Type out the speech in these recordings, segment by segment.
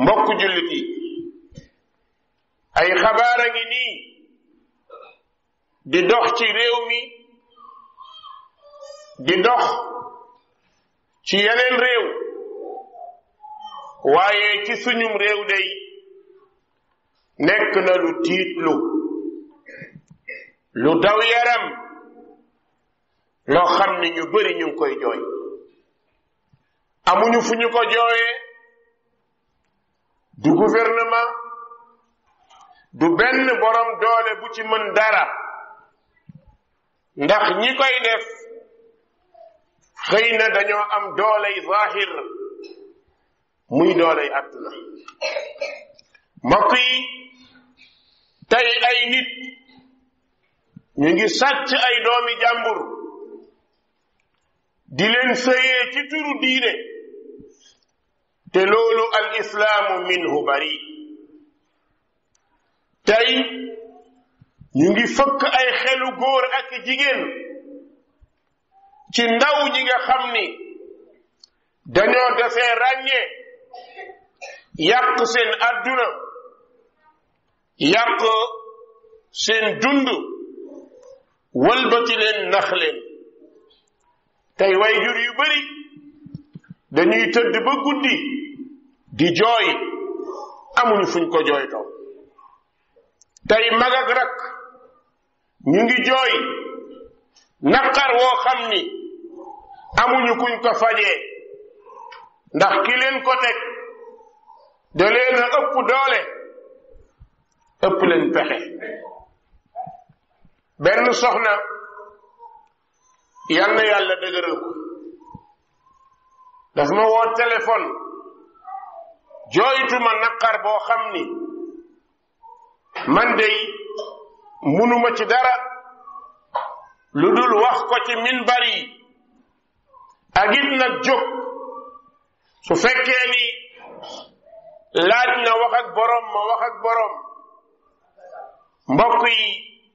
mbokk jullit yi ay xabaar a ngi nii di dox ci réew mi di dox ci yeneen réew waaye ci suñum réew day nekk na lu tiitlu lu daw yaram loo xam ni ñu bari ñu koy jooy amuñu fu ñu ko jooyee du gouvernement du benn borom doole bu ci mën dara ndax ñi koy def xëy na dañoo am dooley zahir muy dooley àdduna mbokk yi tey ay nit ñu ngi sàcc ay doomi jàmbur di leen sëyee ci turu diine te loolu al islaamu minhu bari tey ñu ngi fëkk ay xelu góor ak jigéen ci ndaw ñi nga xam ni dañoo defee ràññee yàq seen adduna yàq seen dund walbati leen nax leen tey way jur yu bari dañuy tëdd ba guddi di jooy amuñu fuñ ko jooytoo tey mag ak rak ñu ngi jooy naqar woo xam ni amuñu kuñ ko fajee ndax ki leen ko teg da leen a ëpp doole ëpp leen pexe benn soxna yal na yàlla dëgëral ko ma woo téléphone ma naqar boo xam ni man dey munuma ci dara lu dul wax ko ci minbar yi ak it nag su fekkee ni laaj na wax ak boroom ma wax ak mbokk yi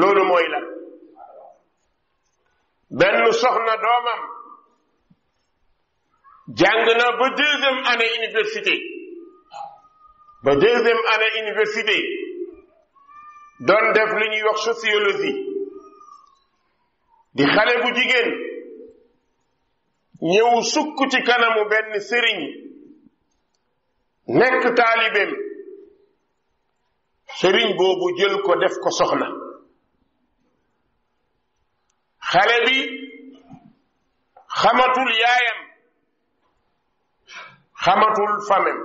loolu mooy la benn soxna doomam jàng na ba deuxième année université ba deuxième année université doon def li ñuy wax sociologie di xale bu jigéen ñëw sukk ci kanamu benn sëriñ nekk taalibeem sëriñ boobu jël ko def ko soxna xale bi xamatul yaayam xamatul famem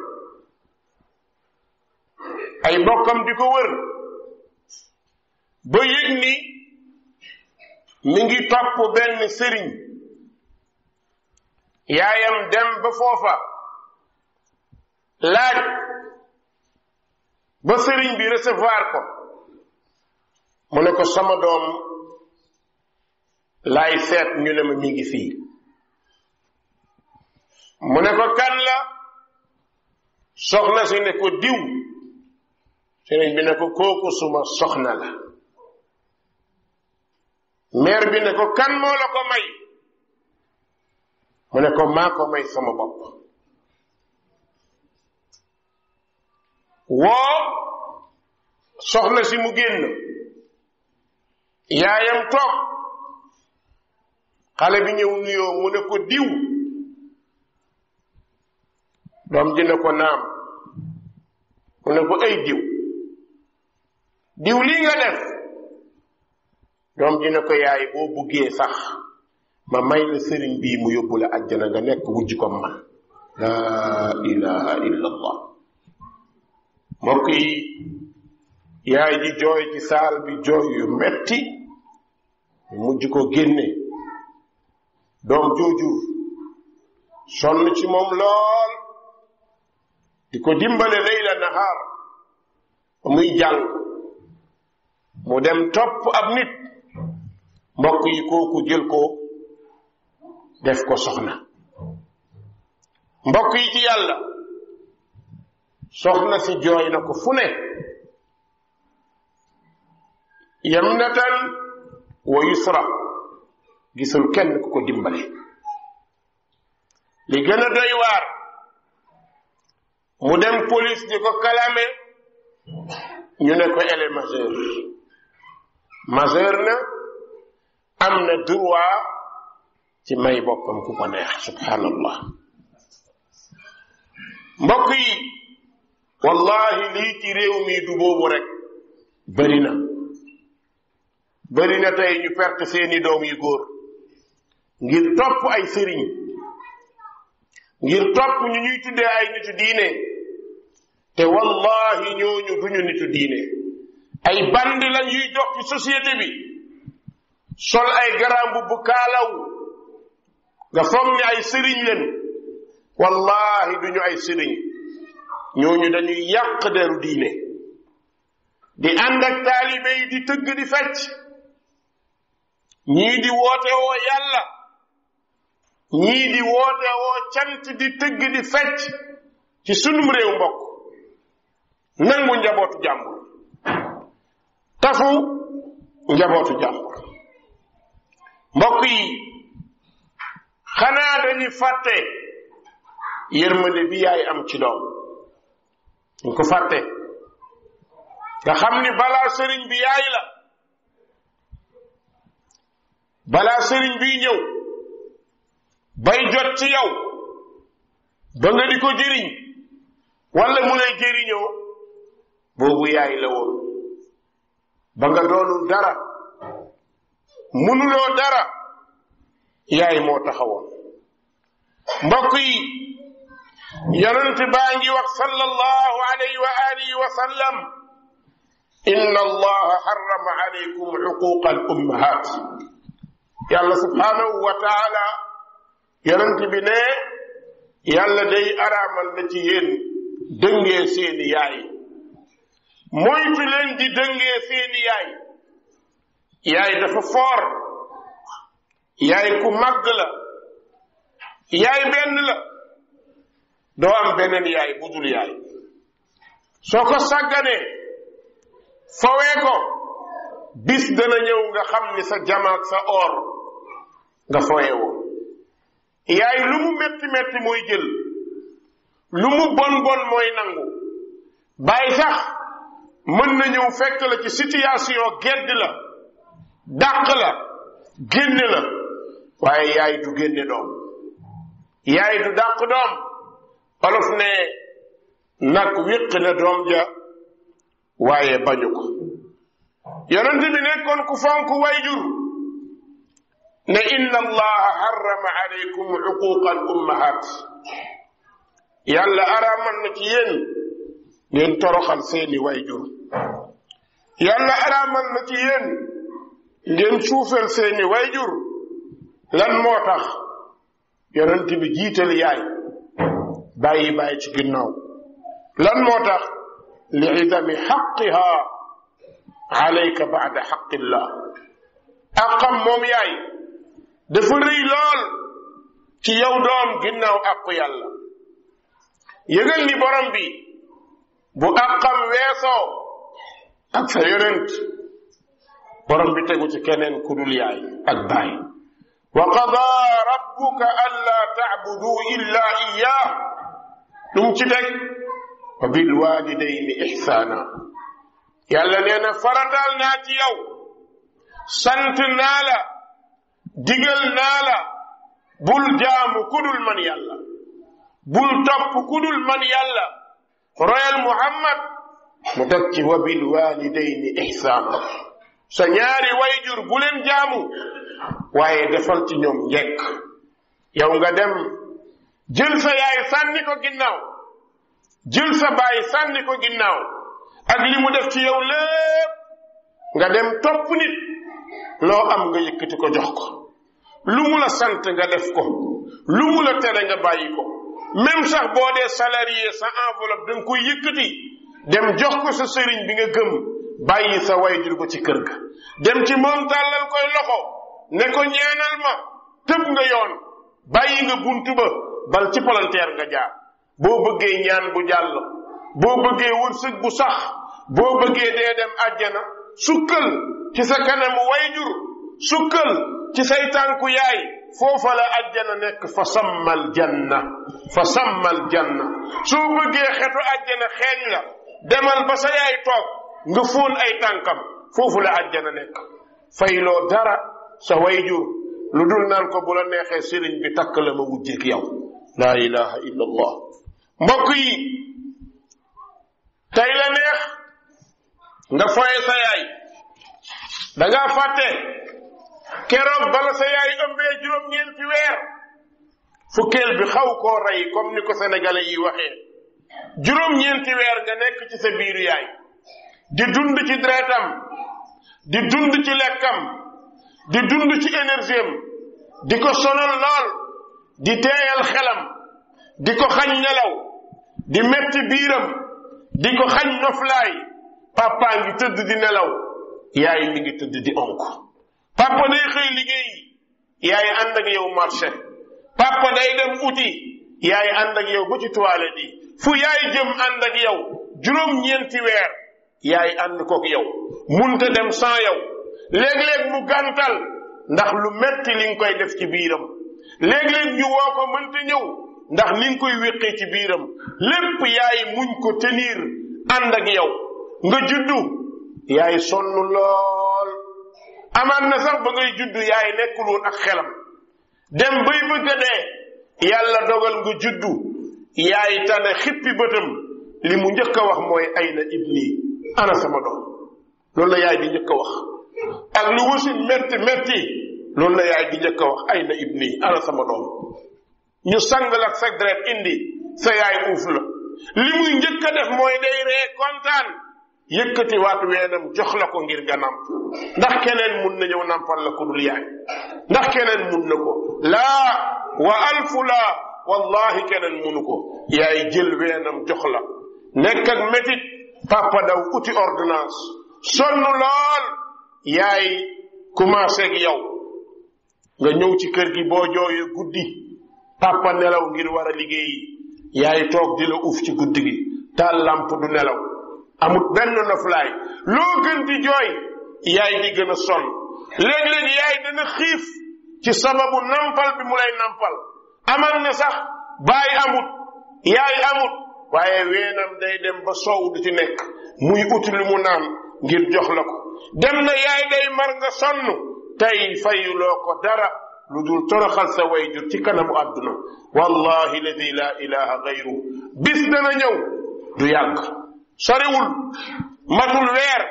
ay mbokkam di ko wër ba yëg ni mi ngi topp benn sëriñ yaayam dem ba foofa laaj ba sëriñ bi resevoir ko mu ne ko sama doom laay seet ñu ne ma mi ngi fii mu ne ko kan la soxna si ne ko diw sëriñ bi ne ko kooku suma soxna la maire bi ne ko kan moo la ko may mu ne ko maa ko may sama bopp woo soxna si mu génn yaayam toog xale bi ñëw nuyoo mu ne ko diw doom ji ne ko naam mu ne ko ay diw diw lii nga def doom ji ne ko yaay boo buggee sax ma may la sëriñ bii mu yóbbule la àjjana nga nekk wujj ko man laa ilaha illa allah mbokk yi yaay ji jooy ci saal bi jooy yu metti mujj ko génne doom jooju sonn ci moom lool di ko dimbale layla nahaar muy jàng mu dem topp ab nit mbokk yi kooku ko def ko soxna mbokk yi ci yàlla soxna si jooy na ko fu ne yamnatan wa yusra gisul kenn ku ko dimbale li gën a doy waar mu dem police di ko kalame ñu ne ko elle est majeure majeure na am na droit ci may boppam ku ko subhanallah mbokk yi wallahi lii ci réew mi du boobu rek bëri na tey ñu perte seeni doom yu góor ngir topp ay sëriñ ngir topp ñu ñuy tuddee ay nitu diine te wallahi ñooñu duñu nitu diine ay bandi lañ yuy dox bi sol ay garambu bu kaalaw nga foog ne ay sëriñ leen wallahi duñu ay sëriñ ñooñu dañuy yàq deru diine di ànd ak di tëgg di fecc ñii di woote woo yàlla ñii di woote woo cant di tëgg di fecc ci sunum réew mbokk nangu njabootu jàmbur tafu njabootu jàmbur mbokk yi xanaa dañuy fàtte yërmande bi yaay am ci doom ñu ko fàtte nga xam ni balaa sëriñ bi yaay la balaa sëriñ bi ñëw bay jot ci yow ba nga di ko jëriñ wala mu lay jëriñoo boobu yaay la woon ba nga doonul dara munuloo dara yaay moo taxawoon mbokk yi yonent baa wax sallallahu alayhi wa alihi wa sallam inna allaha harrama alaykum xuquqa al ummahat yàlla subhaanahu wa taala yonent bi ne yàlla day araamal yaay moytu leen di dëngee seeni yaay yaay dafa foor yaay ku màgg la yaay benn la doo am beneen yaay bu yaay soo ko sàgganee fawee ko bis dana ñëw nga xam ni sa jamaat sa or nga fawee woo yaay lu mu metti metti mooy jël lu mu bon bon mooy nangu bàyyi sax mën na ñëw fekk la ci situation gedd la dàq la génne la waaye yaay du génne doom yaay du dàq doom olof ne nag wéq na doom ja waaye bañu ko yonente bi nekkoon ku fonk wayjur ne inna allaha harrama alaykum uquqa al ummahat yàlla araamal na ci yéen ngeen toroxal seeni wayjur yàlla araamal na ci yéen ngeen suufel seeni wayjur lan moo tax yonent bi jiital yaay bàyyi bàyyi ci ginnaaw lan moo tax li idami xaqiha alayka baada xaqillah àqam moom yaay dafa rëy lool ci yow doom ginnaaw àqu yàlla yëgal ni borom bi bu àqam weesoo ak sa yonent borom bi tegu ci keneen ku yaay ak baay wa qada rabbuka alla ta'budu illa iyyah dum ci teg wa bil walidayni ihsana yàlla faratal na farataal naa ci yow sant naa la digal naa la bul jaamu ku dul man yàlla bul topp ku man yàlla royal muhammad mu teg ci wa bil walidayni ihsaana sa ñaari wayjur bu leen jaamu waaye defal ci ñoom njekk yow nga dem jël sa yaay sànni ko ginnaaw jël sa baay sànni ko ginnaaw ak li mu def ci yow lépp nga dem topp nit loo am nga yëkkati ko jox ko lu mu la sant nga def ko lu mu tere nga bàyyi ko même sax boo dee salarié sa enveloppe da nga koy yëkkati dem jox ko sa sëriñ bi nga gëm bàyyi sa way jur ko ci kër gi dem ci moom tàllal koy loxo ne ko ñaanal ma tëb nga yoon bàyyi nga buntu ba bal ci palanteer nga jaar boo bëggee ñaan bu jàll boo bëggee wërsëg bu sax boo bëggee dee dem àjjana sukkal ci sa kanamu way jur sukkal ci say ku yaay fofa la aljana nek fa samal janna fa samal janna so beugé xetu aljana xéñ la demal ba sa yaay tok nga fon ay tànkam fofu la nek nekk fayloo dara sa wayju ludul nan ko bula la neexee bi takk la ma ak yaw la ilaha illa allah mbok yi tay la neex nga foy sa yaay da nga faté keroog bala sa yaay ëmbee juróom-ñeenti weer fukkeel bi xaw koo rey comme ni ko sénégalais yi waxee juróom-ñeenti weer nga nekk ci sa biiru yaay di dund ci deretam di dund ci lekkam di dund ci énergie di ko sonal lool di teeyal xelam di ko xañ nelaw di metti biiram di ko xañ noflaay papa ngi tëdd di nelaw yaay mi ngi tëdd di onk papa day xëy liggéey yaay ànd ak yow marché papa day dem uti yaay ànd ak yow ba ci toilette yi fu yaay jëm ànd ak yow juróom-ñeenti weer yaay ànd kook yow munta dem sans yow léeg-léeg mu gàntal ndax lu metti li nga koy def ci biiram léeg-léeg ñu woo ko mënta ñëw ndax ni nga koy wéqee ci biiram lépp yaay muñ ko tenir ànd ak yow nga juddu yaay sonn amaan na sax ba ngay juddu yaay nekkul ak xelam dem bay bëgg a dee yàlla dogal nga juddu yaay tane xippi bëtam li mu njëkk a wax mooy ay ibni ana loolu la yaay bi njëkk a wax njëkk a wax ayna ibni ana sama doom ñu sang la ak sa deret indi sa yaay uuf la li muy njëkk a def mooy day ree kontaan yëkkati waat weenam jox la ko ngir nga nàmp ndax keneen mun na ñëw nàmpal la ko dul yaay ndax keneen mun na ko laa wa alfu laa wallahi keneen munu ko yaay jël weenam jox la nekk ak métit papa daw uti ordonnance sonn lool yaay commencé ak yow nga ñëw ci kër gi boo jooyee guddi papa nelaw ngir war a liggéeyi yaay toog di la uuf ci guddi gi taal làmp du nelaw amul benn noflaay loo gën di jooy yaay di gën a sonn léeg-léeg yaay dana xiif ci sababu nampal bi mu lay nampal amal na sax baay amut yaay amut waaye weenam day dem ba sow du ci nekk muy ut lu mu naan ngir jox la ko dem na yaay day mar nga sonn tey fayuloo ko dara lu dul toroxal sa wayjur ci kanamu àdduna wallahi ladi la ilaha gayru bis dana ñëw du yàgg soriwul matul weer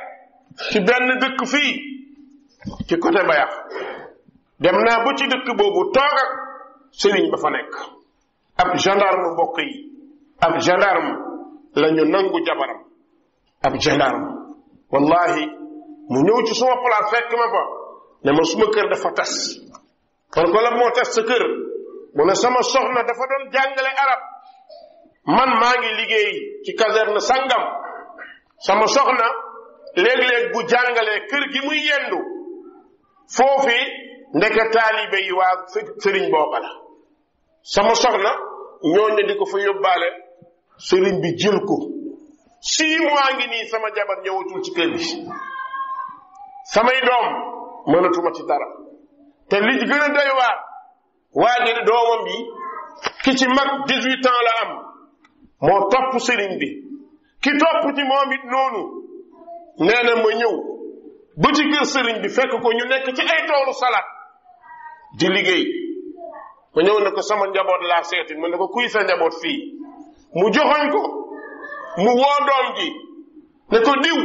ci benn dëkk fii ci côté bayax dem naa ba ci dëkk boobu toog ak sëriñ ba fa nekk ab gendarme mbokk yi ab gendarme la ñu nangu jabaram ab gendarme wallahi mu ñëw ci suma place fekk ma fa ne ma suma kër dafa tas kon ko la moo tas sa kër mu ne sama soxna dafa doon jàngale arab man maa ngi liggéey ci caserne sangam sama soxna léeg-léeg bu jàngalee kër gi muy yendu foofi ndeke taalibe yi waa sëriñ booba sama soxna ñooñu di ko fa yóbbaale sëriñ bi jël ko six mois ngi nii sama jabar ñëwatul ci kër gi samay doom mënatuma ci dara te li gën a doy waa ji doomam bi ki ci mag dix-huit ans la am moo topp sëriñ bi ki topp ci moomit noonu nee na ma ñëw ba ci kër sëriñ bi fekk ko ñu nekk ci ay toolu salaat di liggéey ma ñëw ne ko sama njaboot laa seeti ma ne ko kuy sa njaboot fii mu joxoñ ko mu woo doom ji ne ko diw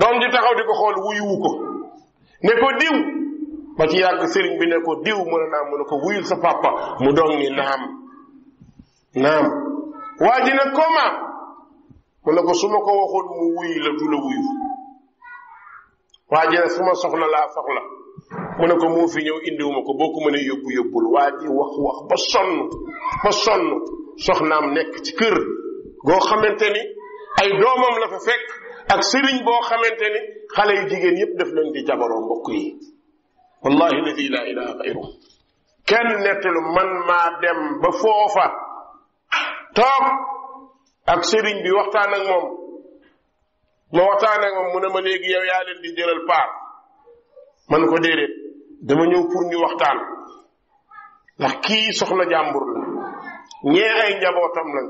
doom ji taxaw di ko xool wu ko ne ko diw ba ci yàgg sëriñ bi ne ko diw mu ne naa mu ne ko wuyul sa papa mu doom ni naam naam waa ji nag ko maam mu ne ko su ma ko waxoon mu wuy la du la wuyu waa ji nag su ma soxla laa soxla mu ne ko mu fi ñëw indiwuma ko boo ko mënee yóbbu yóbbul waa ji wax wax ba sonn ba sonn soxnaam nekk ci kër goo xamante ni ay doomam la fa fekk ak sëriñ boo xamante ni xale yu jigéen yépp def leen di jabaroo mbokk yi wallahi ladi la ilaha xayru kenn nettalu man maa dem ba foofa toog ak sëriñ bi waxtaan ak moom ma waxtaan ak moom mu ne ma léegi yow yaa leen di jëlal paar man ko déedéet dama ñëw pour ñu waxtaan ndax kii soxla jàmbur la ñee ay njabootam la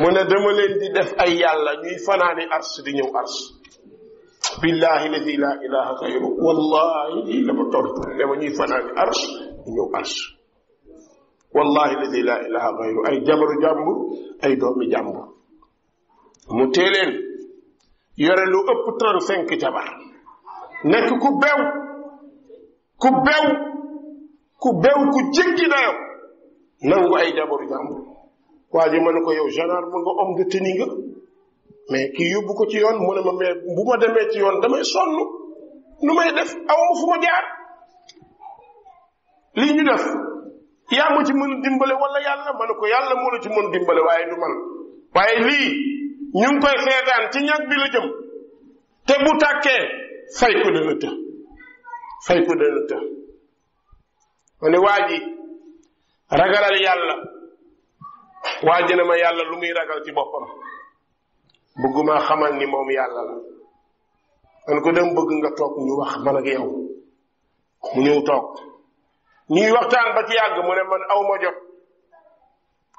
mu ne dama leen di def ay yàlla ñuy fanaani di ñëw la ilaha xayru wallahi ñuy fanaani ars di ñëw ars wallahi ladi laa ilaha gayru ay jabaru jàmbur ay doomi jàmbur mu tee leen yore lu ëpp trente cinq jabar nekk ku bew ku bew ku bew ku jéggi nangu ay jabaru jàmbur waa ji ma ne ko yow gendarme nga homme de tenue mais kii yóbbu ko ci yoon mu ne ma mais bu ma demee ci yoon damay sonn nu may def aw fu ma jaar lii ñu def yaa ma ci mën dimbale wala yàlla ma ko yàlla moo la ci mën dimbale waaye du man waaye lii ñu ngi koy seetaan ci ñag bi la jëm te bu tàkkee fay ko dana të fay ko dana të ma ne ragalal yàlla waa ji ne ma yàlla lu muy ragal ci boppam bëgguma xamal ni moom yàlla la man ko dem bëgg nga toog ñu wax man ak yow mu ñëw toog ñuy waxtaan ba ci yàgg mu ne man aw ma jot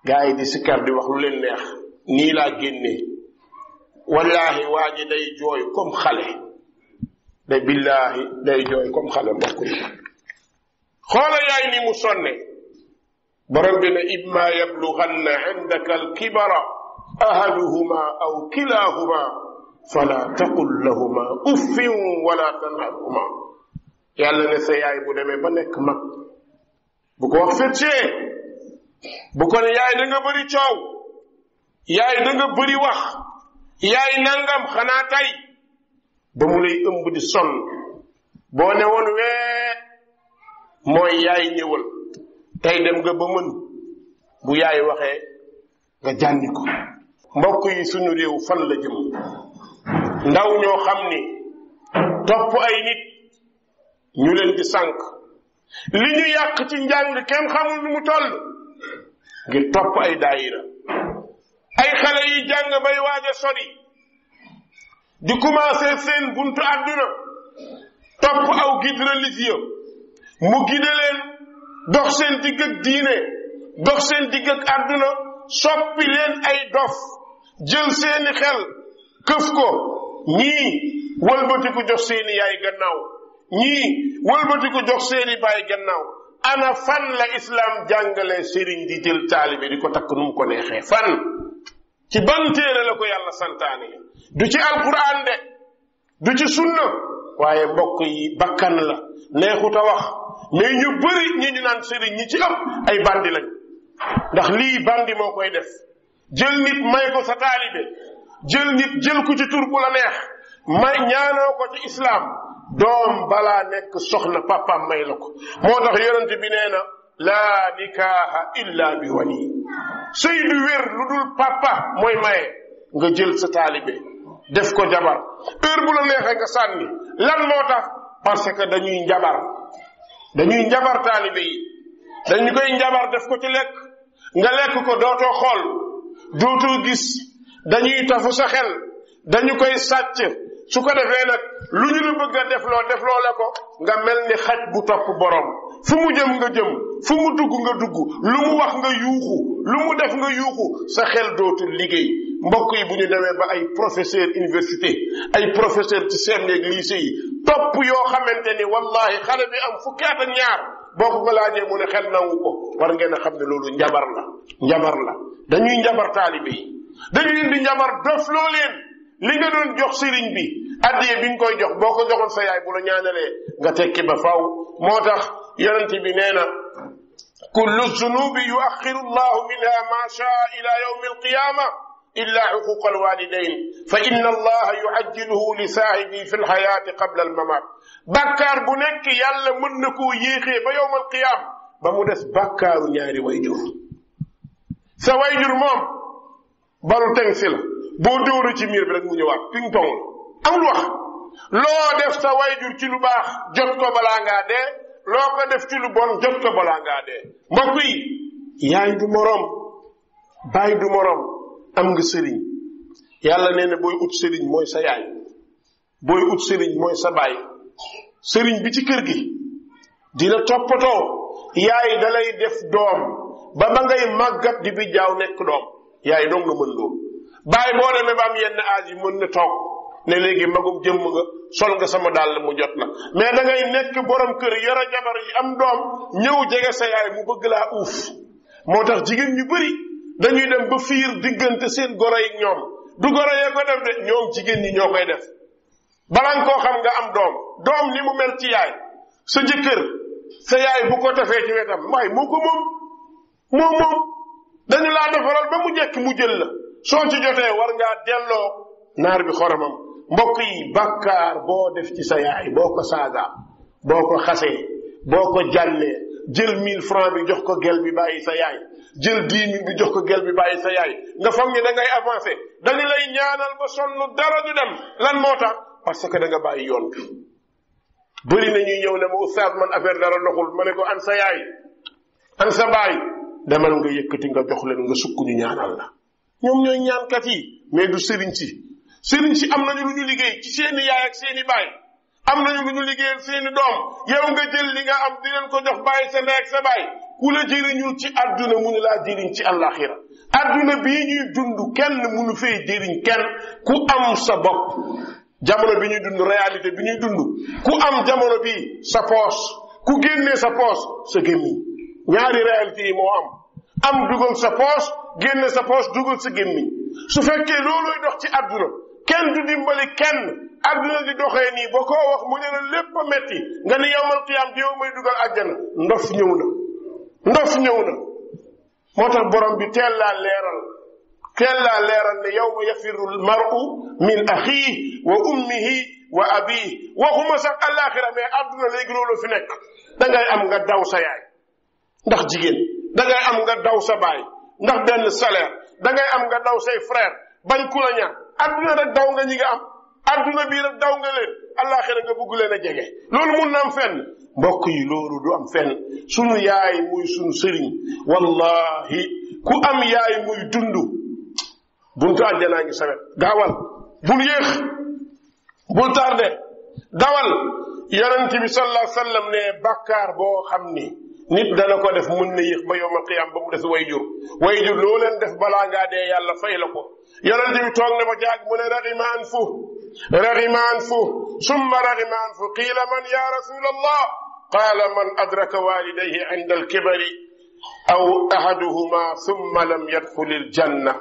gars di sikkar di wax lu leen nii laa génnee wallaahi waa ji day jooy comme xale day billaahi day jooy comme xale mbokk yi xoola yaay ni mu sonne borom bi ne imma yablughanna indaka alkibara aw kilahuma fala taqul lahuma uffin wala tanharhuma yàlla ne sa bu demee ba nekk ma bu ko wax fétcee bu ko ne yaay da bëri coow yaay da bëri wax yaay nangam xanaa tey ba mu lay ëmb di sonn boo ne woon wee mooy yaay ñëwal tey dem nga ba bu yaay waxee nga jànni ko mbokk yi suñu réew fan la jëm ndaw ñoo xam ni topp ay nit ñu leen di sànq li ñu yàq ci njàng kenn xamul mu toll ngir topp ay daayira ay xale yi jàng bay waaj a sori di commencé seen buntu àdduna topp aw guide religieux mu guide leen dox seen digg ak diine dox seen digg ak àdduna soppi leen ay dof jël seeni xel këf ko ñii wëlbatiku jox seeni yaay gannaaw ñii ko jox seeni bàyyi gannaaw ana fan la islam jàngale sëriñ di jël taalibe di ko takk nu ko neexee fan ci ban ko yàlla santaane du ci alquran de du ci sunna waaye bokk yi bakkan la neexut a wax mais ñu bëri ñi ñu naan sëriñ ñi ci am ay bandi lañ ndax lii bandi moo koy def jël nit may ko sa taalibe jël nit jël ko ci tur bu la neex may ñaanoo ko ci islaam doom balaa nekk soxna papaam may la ko moo tax yonent bi nee na laa nikaaha illa bi wali sëy du wér lu dul papa mooy maye nga jël sa taalibe def ko jabar heure bu la neexee lan moo tax parce que dañuy njabar dañuy njabar taalibe yi dañu def ko ci lekk nga lekk ko dootoo xool dootoo gis dañuy tafu sa xel dañu koy sàcc su ko defee nag lu ñu la bëgg a def loo def loo ko nga mel ni xaj bu topp borom fu mu jëm nga jëm fu mu dugg nga dugg lu mu wax nga yuuxu lu mu def nga yuuxu sa xel dootul liggéey mbokk yi bu ñu demee ba ay professeur université ay professeur ci seen yeeg lycée yi topp yoo xamante ni wallahi xale bi am fu at ñaar boo ko ko laajee mu ne xel nangu ko war ngeen a xam ne loolu njabar la njabar la dañuy njabar taalibe dañuy indi njabar dof loo li nga doon jox sëriñ bi addiye bi nga koy jox boo ko joxoon sa yaay bu la ñaanalee nga tekki ba faw moo tax yonent bi nee na كل الذنوب يؤخر الله منها ما شاء إلى يوم القيامة إلا حقوق الوالدين فإن الله يعجله لصاحبه في الحياة قبل الممات بكار بنك يلا منك ويخي بيوم القيامة بمدس بكار نياري ويجور سويجر موم بلو تنسله boo dóoree ci miir bi rek mu ñëwaat ping pong amul wax loo def sa wayjur ci lu baax jot ko balaa ngaa dee loo ko def ci lu bon jot ko balaa ngaa dee mbokk yi yaay du moroom baay du moroom am nga sëriñ yàlla nee na booy ut sëriñ mooy sa yaay booy ut sëriñ mooy sa baay sëriñ bi ci kër gi di la toppatoo yaay dalay def doom ba ba ngay màggat di bi jaaw nekk doom yaay dong nga mën loolu bàyyi boo demee ba am yenn aaj yi mën na toog ne léegi magum jëmm nga sol nga sama dàll mu jot na mais da ngay nekk borom kër yara jabar yi am doom ñëw jege sa yaay mu bëgg laa uuf moo tax jigéen ñu bëri dañuy dem ba fiir diggante seen goro yi ñoom du goro yee ko def de ñoom jigéen ñi ñoo koy def balan koo xam nga am doom doom ni mu mel ci yaay sa jëkkër sa yaay bu ko tafee ci wetam waaye moo ko moom moo moom dañu laa defaral ba mu njëkk mu jël la soo ci jotee war ngaa delloo naar bi xoromam mbokk yi bàkkaar boo def ci sa yaay boo ko saagaa boo ko xasee boo ko jàllee jël mille franc bi jox ko gel bi bàyyi sa yaay jël dix mille bi jox ko gel bi bàyyi sa yaay nga foog ni da ngay avancé dañu lay ñaanal ba sonn dara du dem lan moo tax parce que danga nga bàyyi yoon bi bëri na ñuy ñëw ne ma oustaz man affaire dara doxul ma ko an sa yaay an sa baay demal nga yëkkati nga jox leen nga sukk ñaanal la ñoom ñooy ñaankat yi mais du sëriñ si sëriñ si am nañu lu ñu liggéey ci seeni yaay ak seeni baay am nañu lu ñu liggéeyal seeni doom yow nga jël li nga am di ko jox bàyyi sa ndey ak sa baay ku la jëriñul ci adduna munu laa jëriñ ci àllaaxira adduna bi ñuy dund kenn munu fee jëriñ kenn ku am sa bopp jamono bi ñuy dund réalité bi ñuy dund ku am jamono bi sa poos ku génnee sa poos sa gémmiñ ñaari réalité yi moo am am dugal sa poche génne sa poche dugal sa gémmiñ su fekkee loolooy dox ci àdduna kenn du dimbali kenn àdduna di doxee nii ba koo wax mu ne la lépp a metti nga ne yowmal qiyaam diw may dugal àjjana ndof ñëw na ndof ñëw na moo bi teel laa leeral teel leeral ne yowma yafiru lmaru min axiih wa ummihi wa abiih waxuma sax àllaaxira mais àdduna léegi loolu fi nekk da am nga daw sa yaay ndax jigéen da am nga daw sa baay ndax benn salaire da am nga daw say frère bañ ku la ñaan adduna rek daw nga ñi nga am adduna bii rek daw nga leen àllaaxira nga bëgg leen a jege loolu mun na am fenn mbokk yi loolu du am fenn sunu yaay muy sunu sëriñ wallahi ku am yaay muy dund buntu àjjanaa ngi sawet gaawal bul yéex bul tardé dawal yonent bi sallallahu alayhi ne bàkkaar boo xam ni nit dana ko def mën na yéex ba ma qiyam ba mu des way jur way jur loo leen def balaa ngaa dee yàlla fay la ko yonente bi toog na ba jaag mu ne raxima an fu raxima an fu summa raxima an fu qiila man ya rasul allah qaala man adraka walidayhi inda alkibari aw ahaduhuma summa lam yadxul aljanna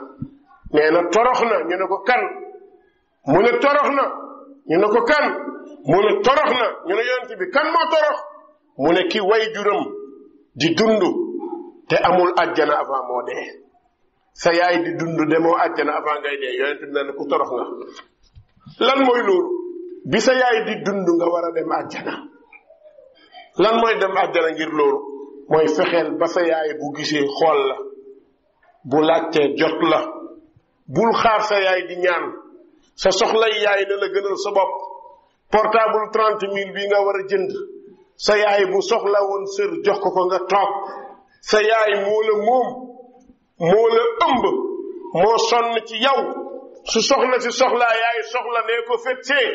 nee na torox na ñu ne ko kan mu ne torox na ñu ne ko kan mu ne torox ñu ne yonente bi kan moo torox mu ne ki way di dund te amul àjjana avant moo dee sa yaay di dund demoo àjjana avant ngay dee yonent bi ne ku torox nga lan mooy loolu bi sa yaay di dund nga war a dem àjjana lan mooy dem àjjana ngir loolu mooy fexeel ba sa yaay bu gisee xool la bu laajtee jot la bul xaar sa yaay di ñaan sa soxlay yaay na la gënal sa bopp portable trente mille bi nga war a jënd sa yaay bu soxla woon sër jox ko ko nga toog sa yaay moo la moom moo la ëmb moo sonn ci yow su soxla si soxlaa yaay soxla ne ko fettee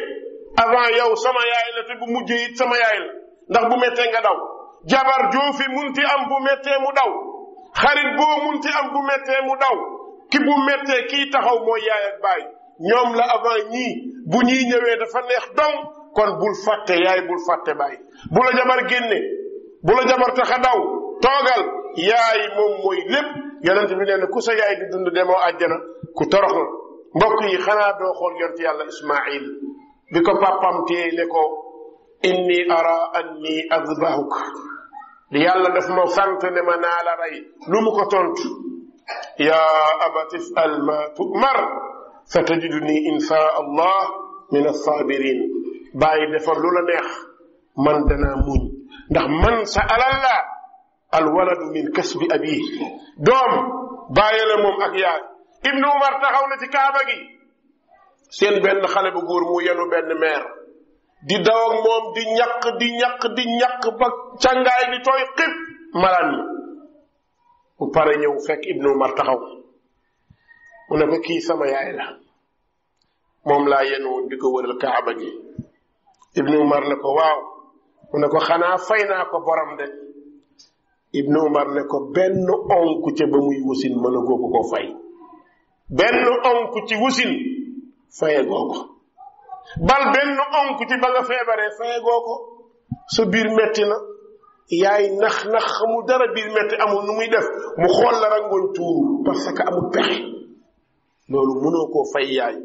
avant yow sama yaay la te bu mujjee it sama yaay la ndax bu méttee nga daw jabar joo fi munti am bu méttee mu daw xarit boo munti am bu méttee mu daw ki bu méttee kii taxaw mooy yaay baay ñoom la avant ñii bu ñuy ñëwee dafa neex dong kon bul fàtte yaay bul fàtte bay bu la jabar génne bu la jabar taxa daw toogal yaay mom moy lépp yonent bi nee ku sa yaay di dund demo aljana ku torox mbok yi xana do xol yonent yàlla ismaeil biko papam tie ne ko inni ara anni azbahuk adbahuk yàlla daf mo sant ne ma na la ray lu mu ko tontu ya abati ifal ma tumar satajiduni insha allah min assabirin bàyyi defar lu la neex man danaa muñ ndax man sa alal la alwaladu min kasbi abi doom bàyyi la moom ak yaay ibnu umar taxaw na ci kaaba gi seen benn xale bu góor mu yenu benn meer di daw ak moom di ñaq di ñaq di ñaq ba càngaay di tooy xib malaan mi bu pare ñëw fekk ibnu umar taxaw mu ne ko kii sama yaay la moom laa yenu woon di ko wëral kaaba gi ibnu umar ne ko waaw mu ne ko xanaa fay naa ko borom de ibnu umar ne ko benn onku ca ba muy wusin mën a googu ko fay benn onku ci wusin faye googu bal benn onku ci ba nga feebaree faye googu sa biir metti na yaay nax nax xamul dara biir metti amul nu muy def mu xool la rangoon parce que amul pexe loolu mënoo koo fay yaay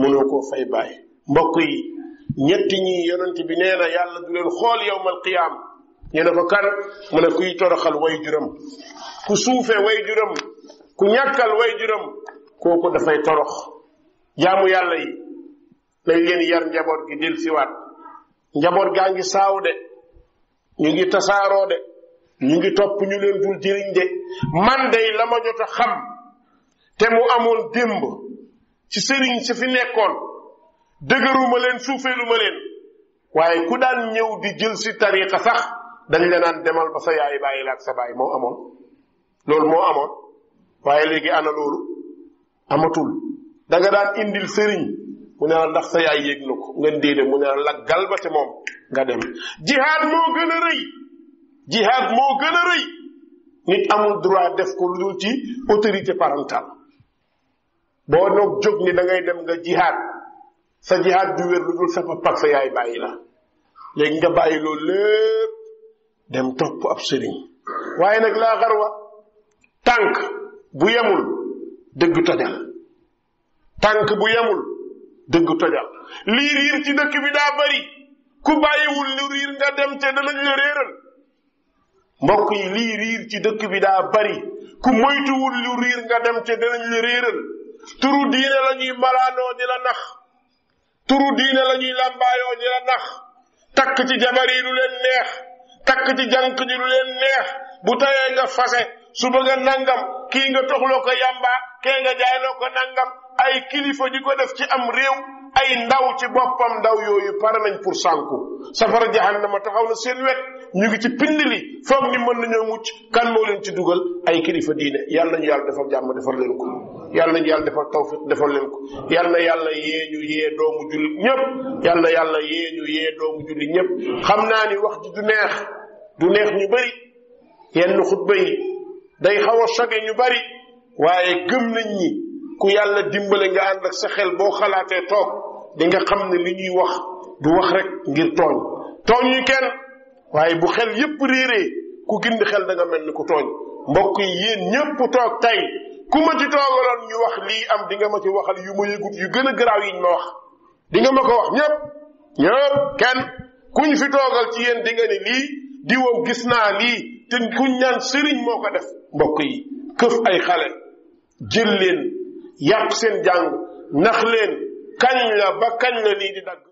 mënoo koo fay baay mbokk yi ñetti ñi yonent bi nee na yàlla du leen xool yowmal qiyaam ñu ne ko kan mu ne kuy toroxal way juram ku suufee way juram ku ñàkkal way juram kooku dafay torox jaamu yàlla yi dañ leen yar njaboot gi del siwaat njaboot gaa ngi saaw de ñu ngi tasaaroo de ñu ngi topp ñu leen dul jëriñ de man day la jot a xam te mu amoon démb ci sëriñ si fi nekkoon dëgëruma leen suufeelu ma leen waaye ku daan ñëw di jël si tariqa sax dañ la naan demal ba sa yaay bàyyi la ak sa baay moo amoon loolu moo amoon waaye léegi ana loolu amatul danga nga daan indil sëriñ mu ne la ndax sa yaay yéeg na ko nga déedéet mu ne la laggal ba te moom nga dem jihaad moo gën a rëy jihaad moo gën a rëy nit amul droit def ko lu dul ci autorité parentale boo noog jóg ni da ngay dem nga jihaad sa jihaat du wér lu dul sama pag sa yaay bàyyi la léegi nga bàyyi loolu lépp dem topp ab sëriñ waaye nag laa xarwa tànk bu yemul dëgg tojal tànk bu yemul dëgg tojal lii riir ci dëkk bi daa bari ku bàyyiwul lu riir nga dem te yi lii ci dëkk bi daa bari ku moytuwul nga dem te danañ turu diine la malaanoo di la nax turu diine la ñuy làmbaayoo di la nax takk ci jabar yi leen neex takk ci jànk ji lu leen neex bu tayee nga fase su bëgg a nangam kii nga toxloo ko yamba kee nga jaayloo ko nangam ay kilifa di ko def ci am réew ay ndaw ci boppam ndaw yooyu pare nañ pour sànku safara jahannama taxaw na seen wet ñu ngi ci pind li foog ni mën nañoo mucc kan moo leen ci dugal ay kilifa diine yàlla nañu yàlla defal jàmm defal leen ko yàlla nañu yàlla defal tawfiq defal leen ko yàlla na yàlla yee ñu yee doomu jullit ñëpp yàlla na yàlla yee ñu yee doomu jullit ñëpp xam naa ni wax ji du neex du neex ñu bari yenn xutba yi day xaw a soge ñu bëri waaye gëm nañ ñi ku yàlla dimbale nga ànd ak sa xel boo xalaatee toog di nga xam ne li ñuy wax du wax rek ngir tooñ tooñ ñu kenn waaye bu xel yépp réeree ku gind xel da nga mel ni ku tooñ mbokk yi yéen ñépp toog tey ku ma ci toogaloon ñu wax lii am di nga ma ci waxal yu ma yëgut yu gën a garaaw yiñ ma wax di nga ma ko wax ñëpp ñëpp kenn kuñ fi toogal ci yéen di nga ne lii diwoom gis naa lii te kuñ ñaan sëriñ moo ko def mbokk yi këf ay xale jël leen yàq seen jàng nax leen kañ la ba kañ la lii di dagg